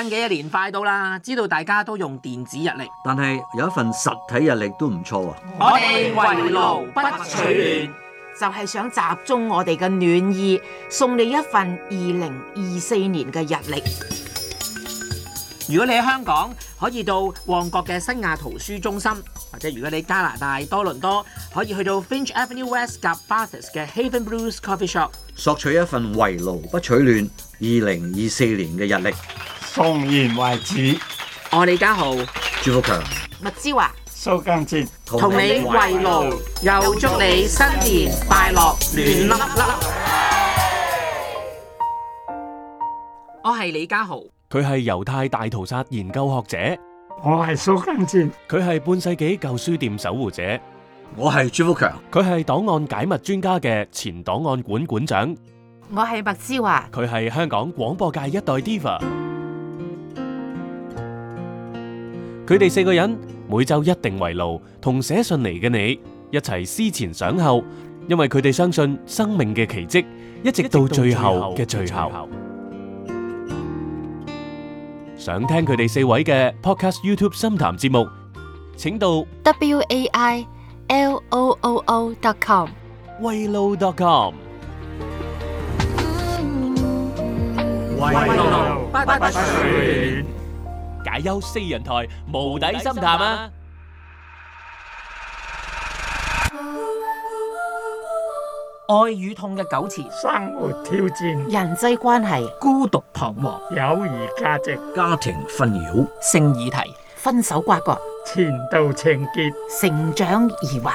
新嘅一年快到啦，知道大家都用電子日曆，但係有一份實體日曆都唔錯啊！我哋為勞不取暖，就係想集中我哋嘅暖意，送你一份2024年嘅日曆。如果你喺香港，可以到旺角嘅新亞圖書中心，或者如果你加拿大多倫多，可以去到 Finch Avenue West 加 Bathurst 嘅 Haven Blues Coffee Shop，索取一份為勞不取暖2024年嘅日曆。同言為止，我李家豪、朱福強、麥之華、蘇賡哲，同你為勞，又祝你新年快樂，圓碌碌。我係李家豪，佢係猶太大屠殺研究學者。我係蘇賡哲，佢係半世紀舊書店守護者。我係朱福強，佢係檔案解密專家嘅前檔案館館長。我係麥之華，佢係香港廣播界一代 diva 佢哋四個人每週一定圍爐，同寫信嚟嘅你一齊思前想後，因為佢哋相信生命嘅奇蹟，一直到最後嘅最後。想聽佢哋四位嘅 Podcast YouTube 深談節目，請到 wailoo.com。wailoo.com。喂路，拜拜拜拜。解憂四人台無底深談啊！愛與痛嘅糾纏，生活挑戰，人際關係，孤獨彷徨，友誼價值，家庭紛擾，性議題，分手瓜葛，前度情結，成長疑惑，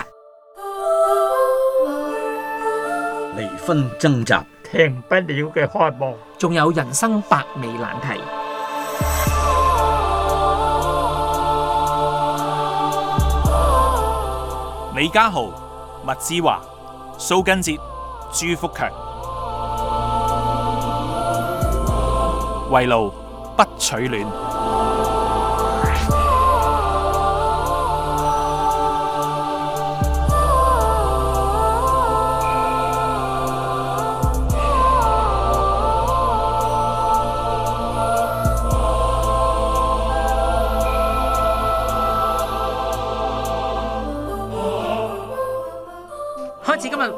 離婚掙扎，停不了嘅渴望，仲有人生百味難題。李家豪、麥志華、蘇根哲、朱福強，為勞 不取暖。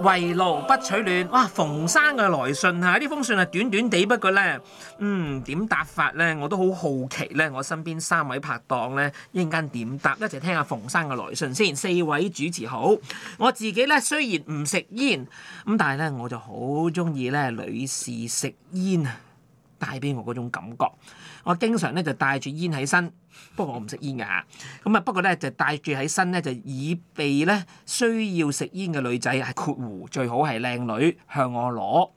圍爐不取暖，哇！馮生嘅來信吓，呢封信係短短地，不過咧，嗯，點答法咧，我都好好奇咧。我身邊三位拍檔咧，一陣間點答，一齊聽下馮生嘅來信先。四位主持好，我自己咧雖然唔食煙，咁但係咧我就好中意咧女士食煙啊，帶俾我嗰種感覺。我經常咧就帶住煙喺身，不過我唔食煙㗎，咁啊不，不過咧就帶住喺身咧就以備咧需要食煙嘅女仔，係括弧最好係靚女向我攞。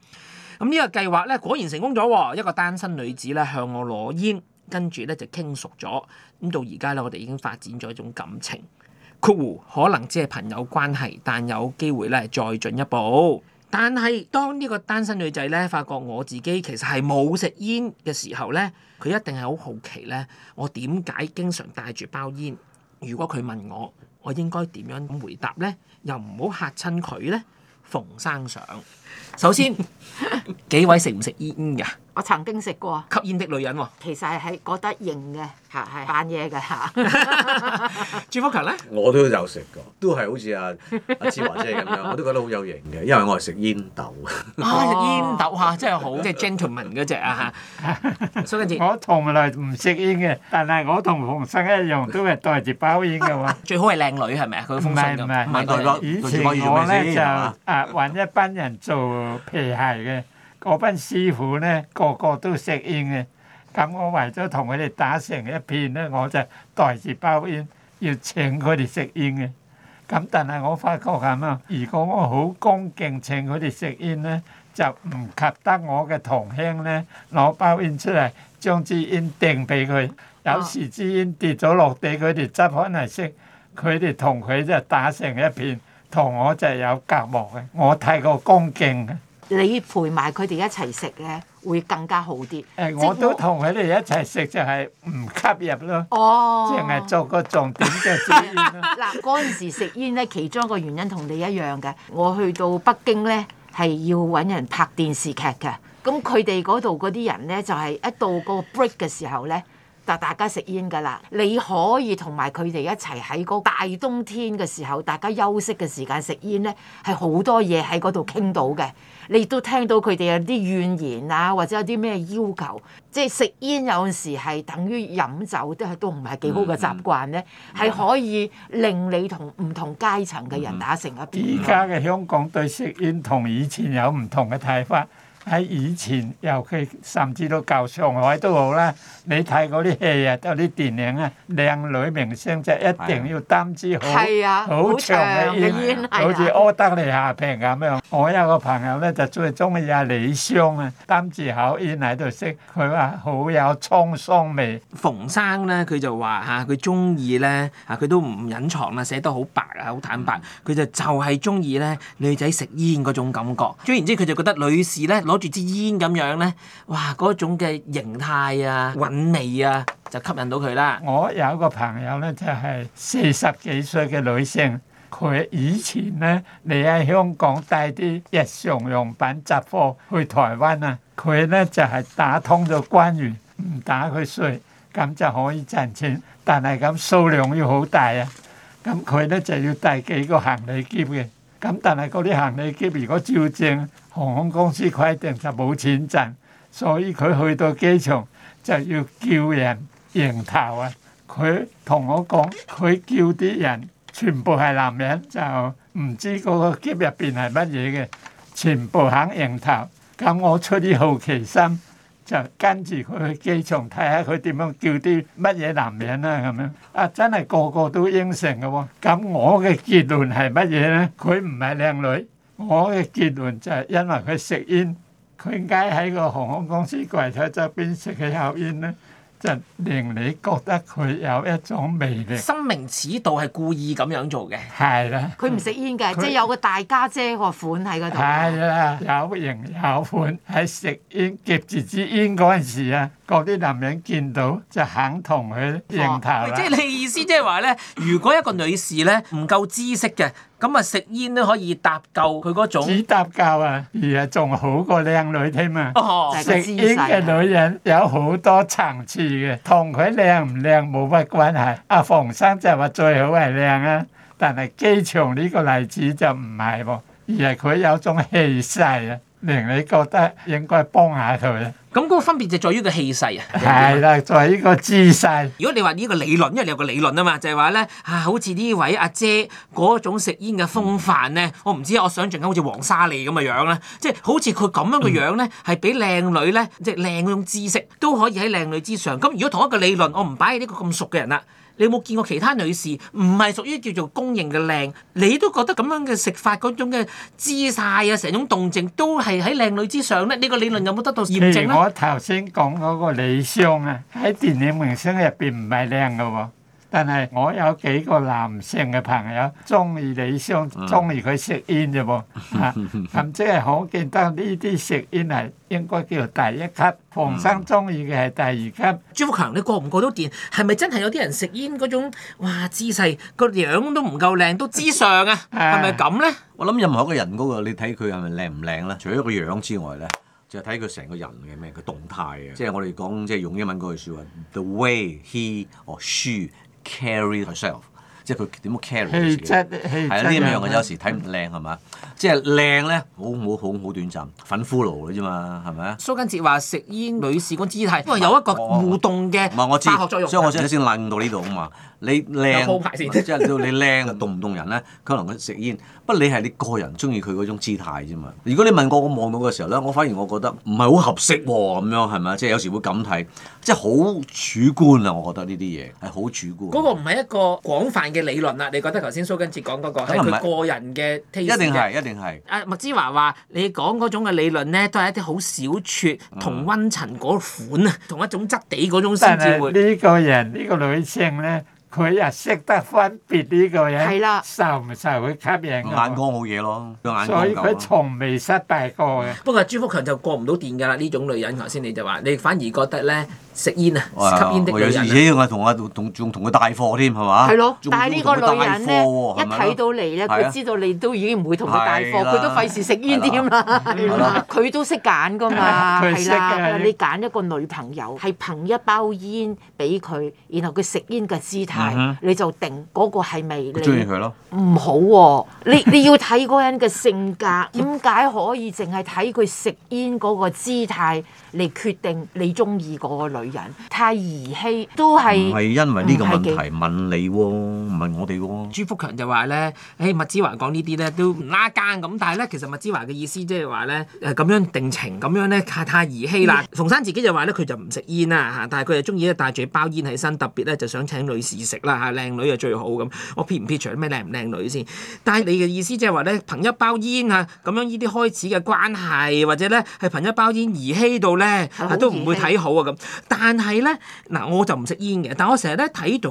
咁呢個計劃咧果然成功咗喎，一個單身女子咧向我攞煙，跟住咧就傾熟咗。咁到而家咧，我哋已經發展咗一種感情。括弧可能只係朋友關係，但有機會咧再進一步。但係當呢個單身女仔咧發覺我自己其實係冇食煙嘅時候咧。佢一定係好好奇咧，我點解經常帶住包煙？如果佢問我，我應該點樣回答咧？又唔好嚇親佢咧。馮生上，首先， 幾位食唔食煙㗎？我曾經食過吸煙的女人喎，其實係覺得型嘅，嚇係扮嘢嘅嚇。朱福強咧，我都有食過，都係好似阿阿志華姐咁樣，我都覺得好有型嘅，因為我係食煙斗。食煙斗，嚇，真係好，即 gentleman 嗰隻啊。所以我從來唔食煙嘅，但係我同馮生一樣，都係袋住包煙嘅喎。最好係靚女係咪啊？佢唔係唔係唔係袋咗。以前我咧就誒揾一班人做皮鞋嘅。嗰班師傅咧，個個都食煙嘅，咁我為咗同佢哋打成一片咧，我就袋住包煙，要請佢哋食煙嘅。咁但係我發覺係嘛，如果我好恭敬請佢哋食煙咧，就唔及得我嘅堂兄咧，攞包煙出嚟，將支煙掟俾佢，有時支煙跌咗落地，佢哋執，可能識佢哋，同佢就打成一片，同我就有隔膜嘅。我太過恭敬。你陪埋佢哋一齊食咧，會更加好啲。誒、欸，我都同佢哋一齊食，就係、是、唔吸入咯。哦，即係做個重點嘅。嗱，嗰陣時食煙咧，其中一個原因同你一樣嘅。我去到北京咧，係要揾人拍電視劇嘅。咁佢哋嗰度嗰啲人咧，就係、是、一到個 break 嘅時候咧。但大家食煙㗎喇，你可以同埋佢哋一齊喺個大冬天嘅時候，大家休息嘅時間食煙咧，係好多嘢喺嗰度傾到嘅。你都聽到佢哋有啲怨言啊，或者有啲咩要求。即係食煙有陣時係等於飲酒，都係都唔係幾好嘅習慣咧。係、嗯嗯、可以令你同唔同階層嘅人打成一片。而家嘅香港對食煙同以前有唔同嘅睇法。喺以前，尤其甚至到舊上海都好啦。你睇嗰啲戲啊，嗰啲電影啊，靚女明星就一定要擔支好長嘅煙，好似柯德莉夏萍咁樣。我有一個朋友咧就最中意阿李湘啊，擔住口煙喺度食，佢話好有滄桑味。馮生咧，佢就話嚇，佢中意咧嚇，佢都唔隱藏啦，寫得好白啊，好坦白。佢就就係中意咧女仔食煙嗰種感覺。然之後佢就覺得女士咧攞住支煙咁樣咧，哇！嗰種嘅形態啊、韻味啊，就吸引到佢啦。我有一個朋友咧，就係、是、四十幾歲嘅女性，佢以前咧，嚟喺香港帶啲日常用品雜貨去台灣啊，佢咧就係、是、打通咗關員，唔打佢稅，咁就可以賺錢。但係咁數量要好大啊，咁佢咧就要帶幾個行李喼嘅。咁但係嗰啲行李喼如果照正。航空公司規定就冇錢賺，所以佢去到機場就要叫人迎頭啊！佢同我講，佢叫啲人全部係男人，就唔知嗰個喼入邊係乜嘢嘅，全部肯迎頭。咁我出於好奇心，就跟住佢去機場睇下佢點樣叫啲乜嘢男人啊咁樣。啊，真係個個都應承嘅喎！咁我嘅結論係乜嘢呢？佢唔係靚女。我嘅結論就係因為佢食煙，佢點解喺個航空公司櫃枱側邊食起口煙咧？就令你覺得佢有一種魅力。深明此道係故意咁樣做嘅。係啦的。佢唔食煙嘅，他即係有個大家姐個款喺嗰度。係啊，有型有款喺食煙，夾住支煙嗰陣時啊。嗰啲男人見到就肯同佢應頭、啊、即係你意思即係話咧， 如果一個女士咧唔夠姿色嘅，咁啊食煙都可以搭救佢嗰種。只搭救啊，而係仲好過靚女添啊。哦、食煙嘅女人有好多層次嘅，同佢靚唔靚冇乜關係。阿、啊、馮生即係話最好係靚啊，但係機場呢個例子就唔係喎，而係佢有種氣勢啊。令你覺得應該幫下佢咧？咁嗰、嗯，那個分別就在於個氣勢啊，係啦，在呢個姿勢。如果你話呢個理論，因為你有個理論啊嘛，就係話咧嚇，好似呢位阿姐嗰種食煙嘅風範咧、嗯，我唔知我想象緊好似黃沙利咁嘅樣啦，即、就、係、是、好似佢咁樣嘅樣咧，係、嗯、比靚女咧，即係靚嗰種姿色都可以喺靚女之上。咁如果同一個理論，我唔擺喺呢個咁熟嘅人啦。你有冇見過其他女士唔係屬於叫做公認嘅靚，你都覺得咁樣嘅食法嗰種嘅姿勢啊，成種動靜都係喺靚女之上咧？呢、呢個理論有冇得到驗證咧？我頭先講嗰個李湘啊，喺電影明星入邊唔係靚嘅喎。但係我有幾個男性嘅朋友中意李湘，中意佢食煙啫噃嚇，咁即係可見得呢啲食煙係應該叫做第一級，馮、嗯、生中意嘅係第二級。朱富強，你過唔過到電？係咪真係有啲人食煙嗰種哇姿勢個樣都唔夠靚都之上啊？係咪咁咧？是是呢我諗任何一、那個、個,個人嗰個你睇佢係咪靚唔靚咧？除咗個樣之外咧，就睇佢成個人嘅咩個動態嘅，即係我哋講即係用英文嗰句説話，the way he or、oh, she。carry herself，即係佢點樣 carry 自己，係呢啲樣嘅。有時睇唔靚係嘛？嗯、即係靚咧，好好？好，好短暫，粉骷髏嘅啫嘛，係咪啊？蘇根捷話食煙女士嗰姿態，是因為有一個互動嘅化學作用，哦、所以我先先論到呢度啊嘛。你靚，即係 你靚動唔動人咧？佢可能佢食煙。不過你係你個人中意佢嗰種姿態啫嘛。如果你問過我望到嘅時候咧，我反而我覺得唔係好合適喎、啊。咁樣係咪？即係有時會噉睇，即係好主觀啊！我覺得呢啲嘢係好主觀。嗰個唔係一個廣泛嘅理論啦、啊。你覺得頭先蘇根哲講嗰個係佢個人嘅 taste 一定係一定係。阿、啊、麥之華話：你講嗰種嘅理論咧，都係一啲好小撮同溫層嗰款啊，嗯、同一種質地嗰種先至會。呢個人呢、呢個女性咧。佢又識得分別呢、這個嘢，受唔受會吸引眼光好嘢咯，的所以佢從未失敗過嘅。不，不過朱福強就過唔到電㗎啦，呢種女人頭先你就話，你反而覺得咧。食煙啊，吸煙的，而且仲同阿同仲同佢帶貨添，係嘛？係咯，但係呢個女人咧，一睇到你咧，佢知道你都已經唔會同佢帶貨，佢都費事食煙添啦。佢都識揀㗎嘛，係啦。你揀一個女朋友係憑一包煙俾佢，然後佢食煙嘅姿態，你就定嗰個係咪你中意佢咯？唔好喎，你你要睇嗰人嘅性格。點解可以淨係睇佢食煙嗰個姿態嚟決定你中意嗰個女人？太兒戲，都係。唔係因為呢個問題問你喎、哦，唔係我哋喎、哦。朱福強就話咧，誒、欸、麥子華講呢啲咧都唔拉更咁，但係咧其實麥子華嘅意思即係話咧誒咁樣定情咁樣咧太太兒戲啦。耶馮生自己就話咧佢就唔食煙啊嚇，但係佢就中意咧帶住包煙喺身，特別咧就想請女士食啦嚇，靚女就最好咁。我撇唔撇除咩靚唔靚女先？但係你嘅意思即係話咧憑一包煙嚇咁樣呢啲開始嘅關係，或者咧係憑一包煙兒戲到咧都唔會睇好啊咁，哦。但係咧，嗱我就唔食煙嘅，但我成日咧睇到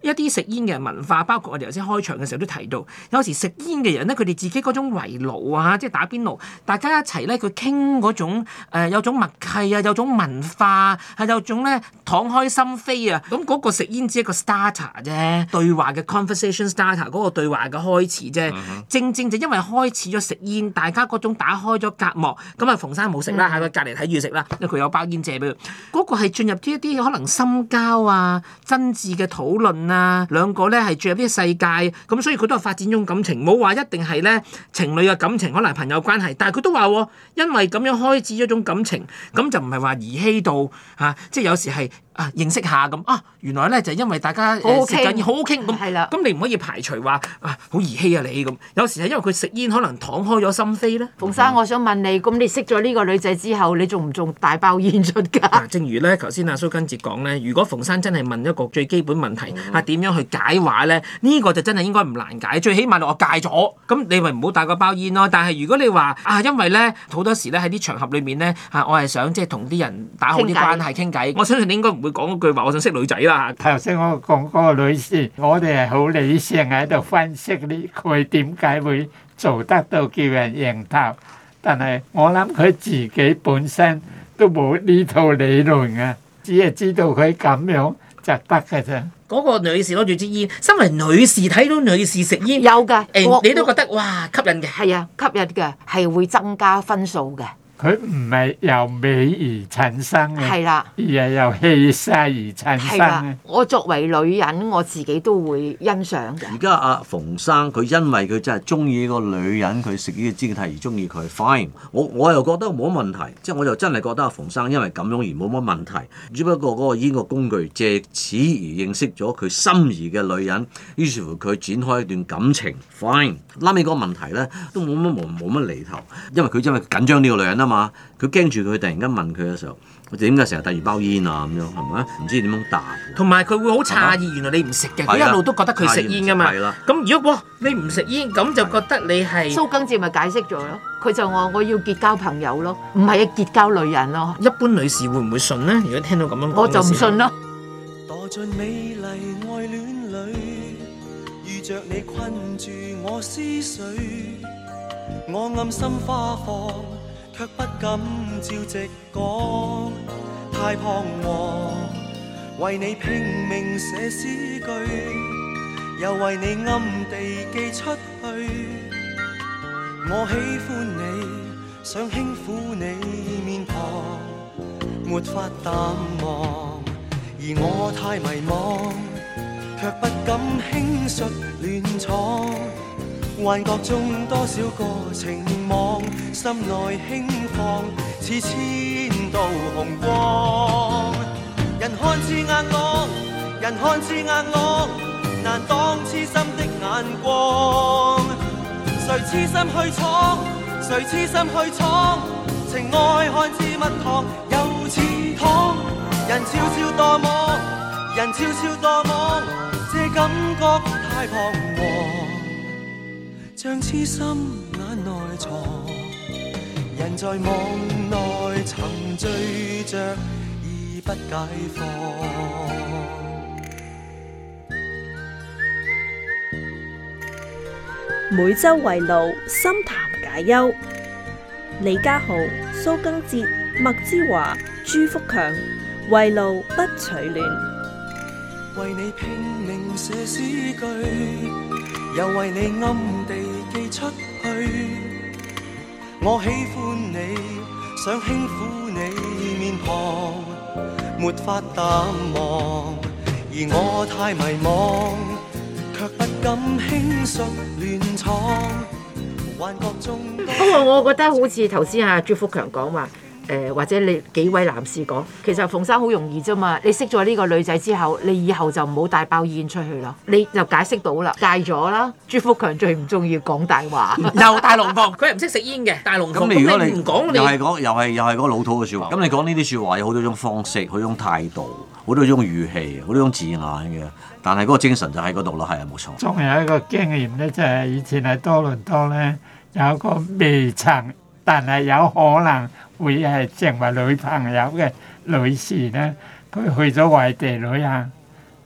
一啲食煙嘅文化，包括我哋頭先開場嘅時候都提到，有時食煙嘅人咧，佢哋自己嗰種圍爐啊，即係打邊爐大家一齊咧佢傾嗰種誒、呃、有種默契啊，有種文化係、啊、有種咧敞開心扉啊，咁、嗯嗰個食煙只係一個 starter 啫，對話嘅 conversation starter 嗰個對話嘅開始啫，uh huh. 正正就因為開始咗食煙，大家嗰種打開咗隔膜，咁啊馮生冇食啦，喺個、mm hmm. 隔籬睇住食啦，因為佢有包煙借俾佢，嗰個係。入啲一啲可能深交啊、真摯嘅討論啊，兩個咧係進入呢個世界，咁所以佢都係發展種感情，冇話一定係咧情侶嘅感情，可能係朋友關係，但係佢都話、喎、因為咁樣開始咗種感情，咁就唔係話兒戲到嚇、啊，即係有時係。啊，認識下咁啊，原來咧就係、因為大家時間要好好傾咁，咁的你唔可以排除話啊好兒戲啊你咁，有時係因為佢食煙可能敞開咗心扉咧。馮生，嗯、我想問你，咁你識咗呢個女仔之後，你仲唔仲帶包煙出噶？正如咧頭先阿蘇根哲講咧，如果馮生真係問一個最基本問題，嚇點、嗯、樣去解話咧？呢、呢個就真係應該唔難解，最起碼我戒咗，咁你咪唔好帶個包煙咯。但係如果你話啊，因為咧好多時咧喺啲場合裏面咧嚇、啊，我係想即係同啲人打好啲關係傾偈，天我相信你應該唔佢講嗰句話，我想識女仔啦。頭先我講嗰個女士，我哋係好理性喺度分析呢佢點解會做得到叫人認頭，但係我諗佢自己本身都冇呢套理論㗎，只係知道佢咁樣就得嘅啫。嗰個女士攞住支煙，身為女士睇到女士食煙，有㗎。誒，你都覺得哇吸引嘅，係啊，吸引嘅，係會增加分數嘅。佢唔係由美而產生，係啦的，而係由氣勢而產生。我作為女人，我自己都會欣賞嘅。而家阿馮生佢因為佢真係中意呢個女人，佢食呢個姿態而中意佢，fine。我我又覺得冇乜問題，即係我又真係覺得阿、啊、馮生因為咁樣而冇乜問題。只不過嗰個煙呢個工具借此而認識咗佢心儀嘅女人，於是乎佢展開一段感情，fine。拉尾嗰個問題咧都冇乜冇冇乜厘頭，因為佢因為緊張呢個女人啦。嘛，佢驚住佢突然間問佢嘅時候，我點解成日帶住包煙啊？咁樣係咪啊？唔知點樣答。同埋佢會好詫異，原來你唔食嘅，佢一路都覺得佢食煙㗎嘛。係啦。咁如果哇，你唔食煙，咁就覺得你係蘇根治咪解釋咗咯。佢就話我要結交朋友咯，唔係啊，結交女人咯。一般女士會唔會信呢？如果聽到咁樣講，我就唔信咯。卻不敢照直講，太彷徨。為你拼命寫詩句，又為你暗地寄出去。我喜歡你，想輕撫你面龐，沒法淡忘。而我太迷惘，卻不敢輕率亂闖。幻覺中多少個情網，心內輕放，似千道紅光。人看似硬朗，人看似硬朗，難擋痴心的眼光。誰痴心去闖，誰痴心去闖，情愛看似蜜糖又似糖。人悄悄墮網，人悄悄墮網，這感覺太彷徨。痴心眼內藏，人在夢內着不解放。每周為路，心談解憂，李家豪、蘇更哲、麥之華、朱福強，為路不取暖。」為你拼命寫詩句，又為你暗地寄出去。我喜歡你，想輕撫你面龐，沒法淡忘，而我太迷惘，卻不敢輕率亂闖。幻覺中，不過我覺得好似頭先阿朱福強講話。誒、呃、或者你幾位男士講，其實馮生好容易啫嘛，你識咗呢個女仔之後，你以後就唔好帶包煙出去啦，你就解釋到啦，戒咗啦。朱福強最唔中意講大話，又大龍鳳，佢係唔識食煙嘅大龍鳳。咁你如果你，你，你又係講又係又係嗰老土嘅説話，咁、哦、你講呢啲説話有好多種方式，好多種態度，好多種語氣，好多種字眼嘅，但係嗰個精神就喺嗰度咯，係啊，冇錯。仲有一個經驗咧，就係、是、以前喺多倫多咧有一個未塵。但係有可能會係成為女朋友嘅女士咧，佢去咗外地旅行，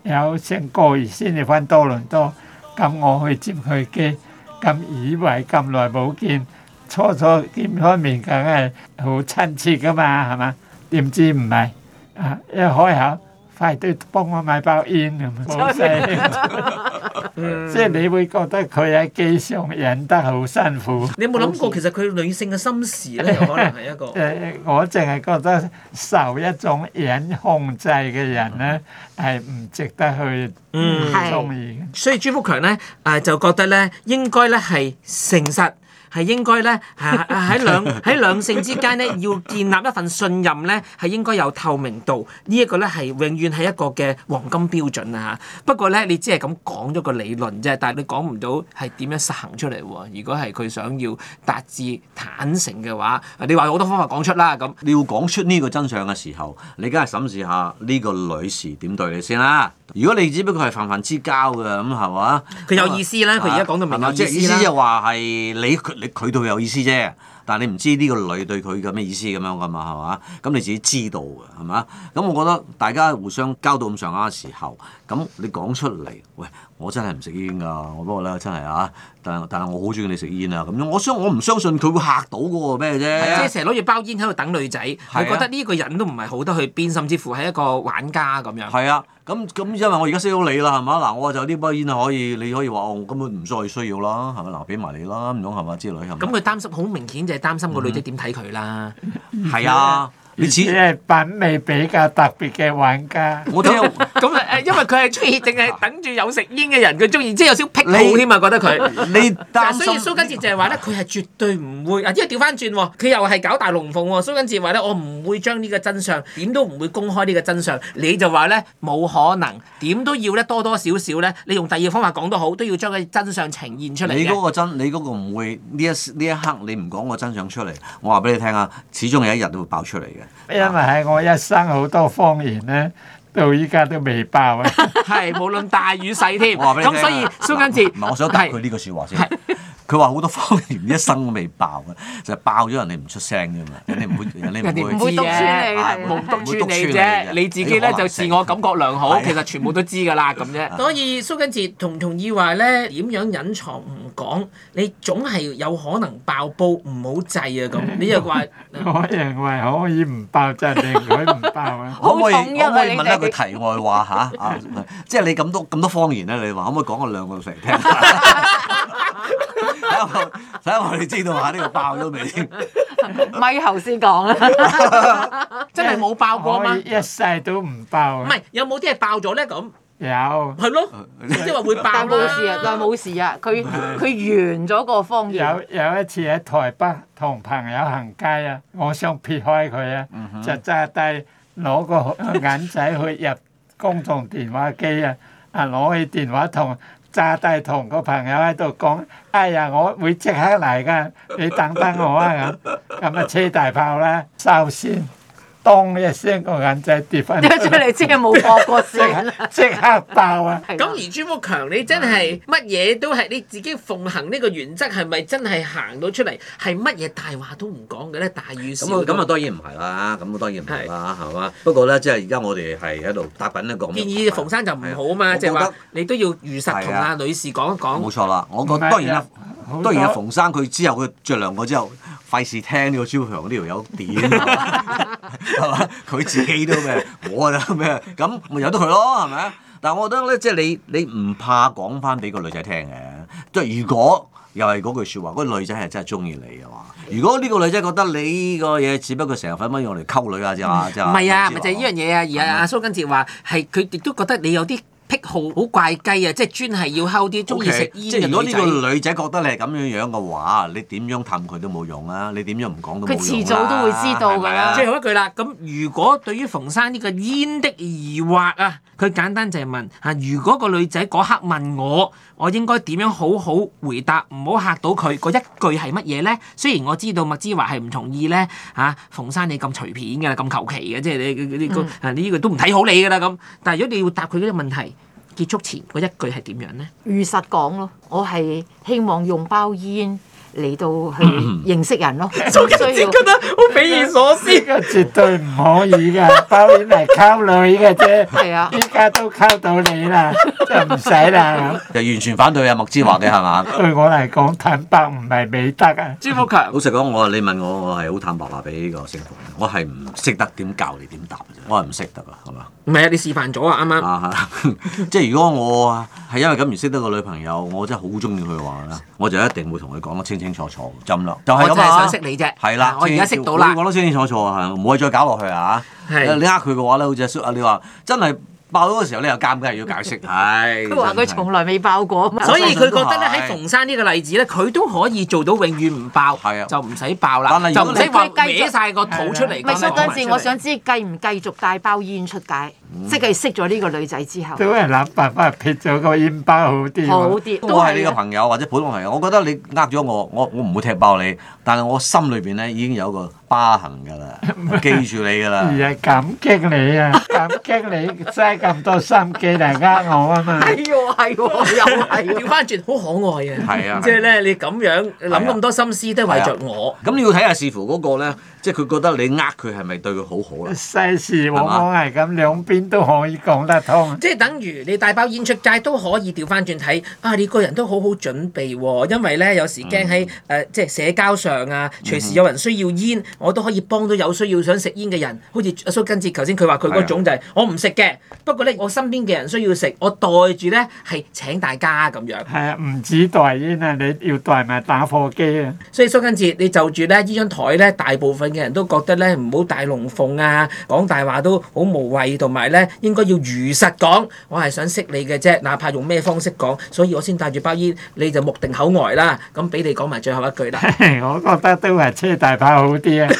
有成個月先至返多倫多，咁我去接佢機，咁以為咁耐冇見，初初見開面梗係好親切噶嘛，係嘛？點知唔係啊，一開口。快啲、哎、幫我買包煙咁啊！即係你會覺得佢喺機上忍得好辛苦。你有冇諗過其實佢女性嘅心事咧，可能係一個。誒 我淨係覺得受一種忍控制嘅人咧，係唔值得去唔中意。所以朱福強咧誒、呃，就覺得咧應該咧係誠實。係應該咧，喺喺兩喺兩性之間咧，要建立一份信任咧，係應該有透明度。呢一個咧係永遠係一個嘅黃金標準啊！嚇，不過咧你只係咁講咗個理論啫，但係你講唔到係點樣實行出嚟喎。如果係佢想要達至坦誠嘅話，你話有好多方法講出啦。咁你要講出呢個真相嘅時候，你梗係審視下呢個女士點對你先啦。如果你只不過係泛泛之交嘅咁係嘛？佢有意思啦。佢而家講到明意思啦。意思就話係你。你佢對佢有意思啫，但係你唔知呢個女對佢嘅咩意思咁樣㗎嘛，係嘛？咁你自己知道嘅係嘛？咁我覺得大家互相交到咁上下嘅時候，咁你講出嚟，喂，我真係唔食煙㗎，我不過咧真係啊，但係但係我好鍾意你食煙啊，咁樣，我相我唔相信佢會嚇到嗰個咩啫，即係成日攞住包煙喺度等女仔，是的 我覺得呢個人都唔係好得去邊，甚至乎係一個玩家咁樣。係啊，咁咁因為我而家識到你啦，係咪嗱，我就呢包煙可以，你可以話我根本唔再需要啦，係咪嗱，俾埋你啦唔通係咪？之類係咪？咁佢擔心好明顯就係擔心個女仔點睇佢啦，係啊、嗯。你即係品味比較特別嘅玩家，我覺咁啊，因為佢係中意淨係等住有食煙嘅人，佢中意即係有少少癖好添啊！你 覺得佢你但所以蘇根節就係話咧，佢係絕對唔會啊！因為調翻轉喎，佢又係搞大龍鳳喎。蘇根節話咧，我唔會將呢個真相點都唔會公開呢個真相。你就話咧，冇可能，點都要咧多多少少咧，你用第二方法講都好，都要將嘅真相呈現出嚟。你嗰個真，你嗰個唔會呢一呢一刻，你唔講個真相出嚟，我話俾你聽啊，始終有一日都會爆出嚟嘅。因為係我一生好多謊言咧，到依家都未爆啊！係 無論大與細添，咁所以蘇根治，唔係 我想答佢呢句說話先是。 佢話好多方言，一生都未爆嘅，就係爆咗人哋唔出聲啫嘛，人哋唔會人哋唔會知嘅，唔會督住你，你自己咧就自我感覺良好，其實全部都知㗎啦咁啫。所以蘇敬哲同唔同意話咧點樣隱藏唔講？你總係有可能爆煲，唔好制啊！咁你又話我認為可以唔爆就令佢唔爆啊？可唔可以可唔可以問一句題外話嚇，即係你咁多咁多方言咧，你話可唔可以講個兩個成聽？使我你知道下呢個爆咗未先？咪頭先講啊，真係冇爆過嘛？一世都唔爆。唔係，有冇啲係爆咗咧？咁有。係咯，即係話會爆啦。但冇事啊，但冇事啊，佢佢完咗個方。有有一次喺台北同朋友行街啊，我想撇開佢啊，就揸低攞個銀仔去入公眾電話機啊，啊攞起電話筒。詐帝同個朋友喺度講：哎呀，我會即刻嚟㗎，你等等我啊！咁咁啊，車大炮啦，收線。當你一聲個眼仔跌翻，跌出嚟即係冇貨過先，即刻 爆啊！咁 而朱冇強，你真係乜嘢都係你自己奉行呢個原則，係咪真係行到出嚟係乜嘢大話都唔講嘅咧？大語笑咁啊！咁當然唔係啦，咁當然唔係啦，係嘛是？不過咧，即係而家我哋係喺度搭緊一個。建議馮生就唔好啊嘛，即係話你都要如實同阿女士講一講。冇錯啦，我覺得。當然啦，當然阿馮生佢之後佢着涼過之後。費事聽呢個朱華強呢條友點，係嘛？佢 自己都咩，我就咩，咁咪由得佢咯，係咪啊？但係我覺得咧，即係你你唔怕講翻俾個女仔聽嘅，即係如果又係嗰句說話，嗰個女仔係真係中意你嘅話，如果呢個女仔覺得你個嘢只不過成日份粉用嚟溝女啊，是就就唔係啊，咪就係呢樣嘢啊！而阿阿蘇根哲話係佢亦都覺得你有啲。癖好好怪雞啊！即係專係要溝啲中意食煙嘅女仔、okay，如果呢個女仔覺得你係咁樣樣嘅話，你點樣氹佢都冇用啦、啊！你點樣唔講都冇用佢、啊、遲早都會知道㗎吧。即係最後一句啦！咁如果對於馮生呢個煙的疑惑啊，佢簡單就係問吓：如果個女仔嗰刻問我？我應該點樣好好回答？唔好嚇到佢。嗰一句係乜嘢咧？雖然我知道麥之華係唔同意咧，啊，馮生你咁隨便嘅，咁求其嘅，即係你你呢、呢個、個都唔睇好你㗎啦咁。但係如果你要答佢啲問題，結束前嗰一句係點樣咧？如實講咯，我係希望用包煙。你都去認識人咯，仲需要覺得好匪夷所思？絕對唔可以嘅，包煙嚟溝女嘅啫。係啊，依家都溝到你啦，就唔使啦。就完全反對啊！麥之華嘅係嘛？對我嚟講，坦白唔係美德啊！朱福強。老實講，我你問我，我係好坦白話俾呢個師傅，我係唔識得點教你點答嘅啫。我係唔識得啊，係嘛？唔係啊！你示範咗啊，啱啱。即係如果我啊係因為咁而識得個女朋友，我真係好中意佢話啦，我就一定會同佢講得清。清楚錯就咁就係我真係想識你啫，係啦，我而家識到啦。講得清清楚楚啊，唔可以再搞落去啊！你呃佢嘅話咧，好似阿叔啊，你話真係爆咗嘅時候你又尷尬，要解釋。係佢話佢從來未爆過，所以佢覺得咧喺逢山呢個例子咧，佢都可以做到永遠唔爆，係啊，就唔使爆啦，就唔使搲搲晒個肚出嚟。嗰陣時，我想知繼唔繼續帶包煙出街？即係識咗呢個女仔之後，都係諗辦法撇咗個煙包好啲。好啲，都我係呢個朋友或者普通朋友，我覺得你呃咗我，我我唔會踢爆你，但係我心裏邊咧已經有一個疤痕㗎啦，記住你㗎啦。 而係感激你啊，感激你，花咁 多心機嚟呃我啊嘛。係喎係喎，又係調翻轉，好、哦啊、 可愛啊！係 啊，即係咧，你咁樣諗咁多心思都係為着我。咁你要睇下，視乎嗰個咧。 即係佢覺得你呃佢係咪對佢好好啦？世事往往係咁，兩邊都可以講得通。即係等於你帶包煙出街都可以調翻轉睇。啊，你個人都好好準備喎、哦，因為咧有時驚喺誒即係社交上啊，隨時有人需要煙，我都可以幫到有需要想食煙嘅人。好似阿蘇根治頭先佢話佢嗰種就係我唔食嘅，不過咧我身邊嘅人需要食，我帶住咧係請大家咁樣。係啊，唔止帶煙啊，你要帶埋打火機啊。所以蘇根治你就住咧呢張台咧，大部分，嘅人都覺得咧唔好大龍鳳啊，講大話都好無謂，同埋咧應該要如實講。我係想識你嘅啫，哪怕用咩方式講，所以我先帶住包煙，你就目定口呆啦。咁俾你講埋最後一句啦。 我覺得都係車大炮好啲啊。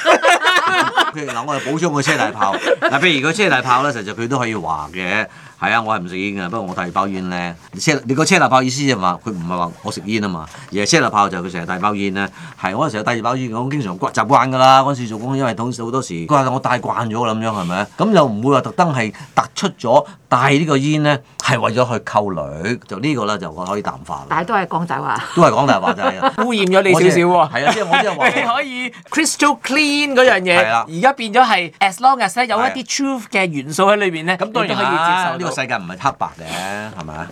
嗱，我哋補充個車大炮。嗱，譬如個車大炮咧，實際佢都可以話嘅。係啊，我係唔食煙嘅，不過我帶二包煙咧，你車你個車立炮意思就係話佢唔係話我食煙啊嘛，而係車立炮就係佢成日帶包煙咧。係我成日帶二包煙，我經常慣習慣㗎啦。嗰陣時做工，因為當時好多時，佢話我帶慣咗啦，咁樣係咪？咁又唔會話特登係突出咗，帶呢個煙咧係為咗去溝女，就呢個咧就我可以淡化啦。但係都係講大話，都係講大話就係污染咗你少少喎。係啊，即係我即係話你可以 Crystal Clean 嗰樣嘢，而家變咗係 As Long As 咧有一啲 Truth 嘅元素喺裏邊咧，咁當然可以接受。呢個世界唔係黑白嘅，係咪？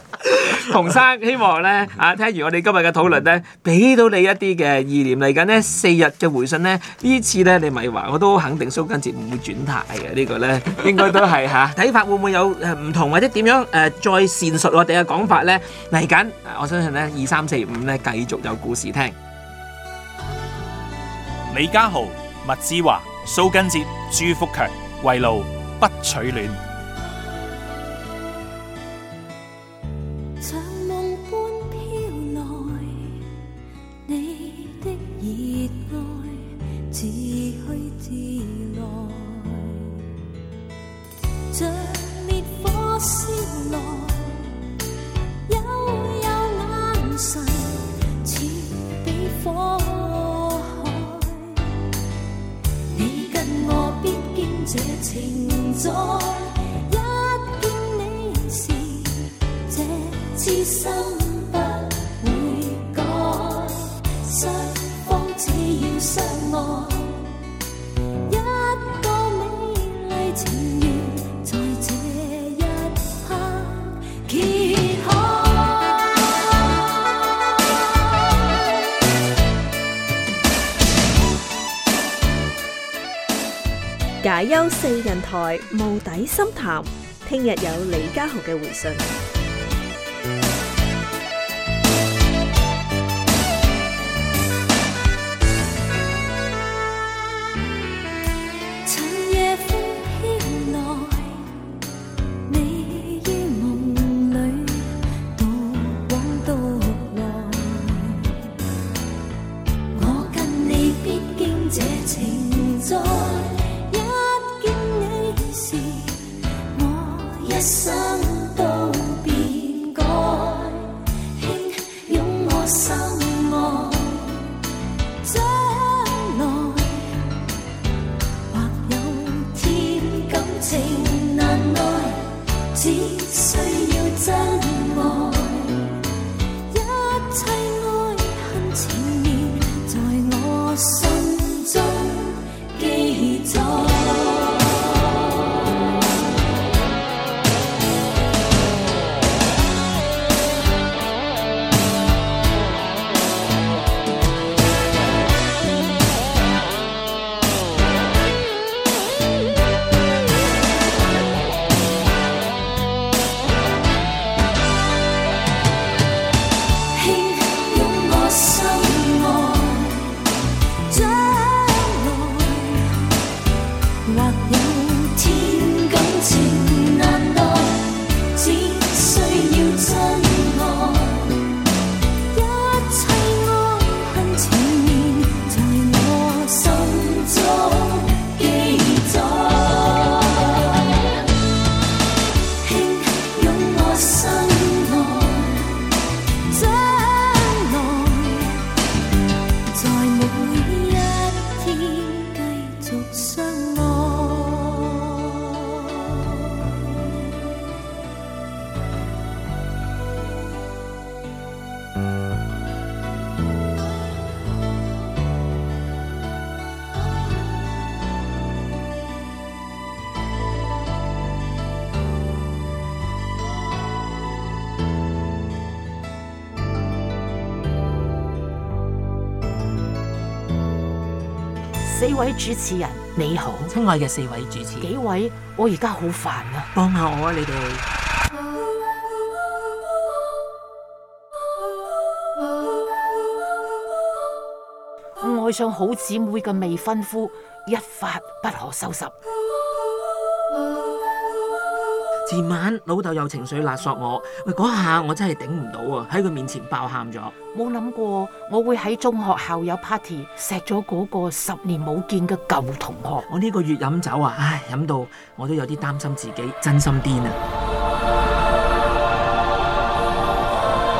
馮生希望咧啊，聽完我哋今日嘅討論咧，俾到你一啲嘅意念嚟緊咧。四日嘅回信咧，呢次咧你咪話我都肯定蘇根節唔會轉態嘅，呢個咧應該都係嚇睇法會唔會有誒？唔同或者點樣誒再善述我哋嘅講法咧。嚟緊，我相信咧二三四五咧繼續有故事聽。李家豪、麥之華、蘇根哲、朱福強、為路不取暖。四人台無底深談，聽日有李嘉豪嘅回信。四位主持人，你好，親愛嘅四位主持，幾位？我而家好煩啊，幫下我啊，你哋。愛上好姊妹嘅未婚夫，一發不可收拾。前晚老豆有情緒勒索我，喂嗰下我真係頂唔到啊！喺佢面前爆喊咗。冇諗過我會喺中學校友 party，錫咗嗰個十年冇見嘅舊同學。我呢個月飲酒啊，唉，飲到我都有啲擔心自己，真心癲啊！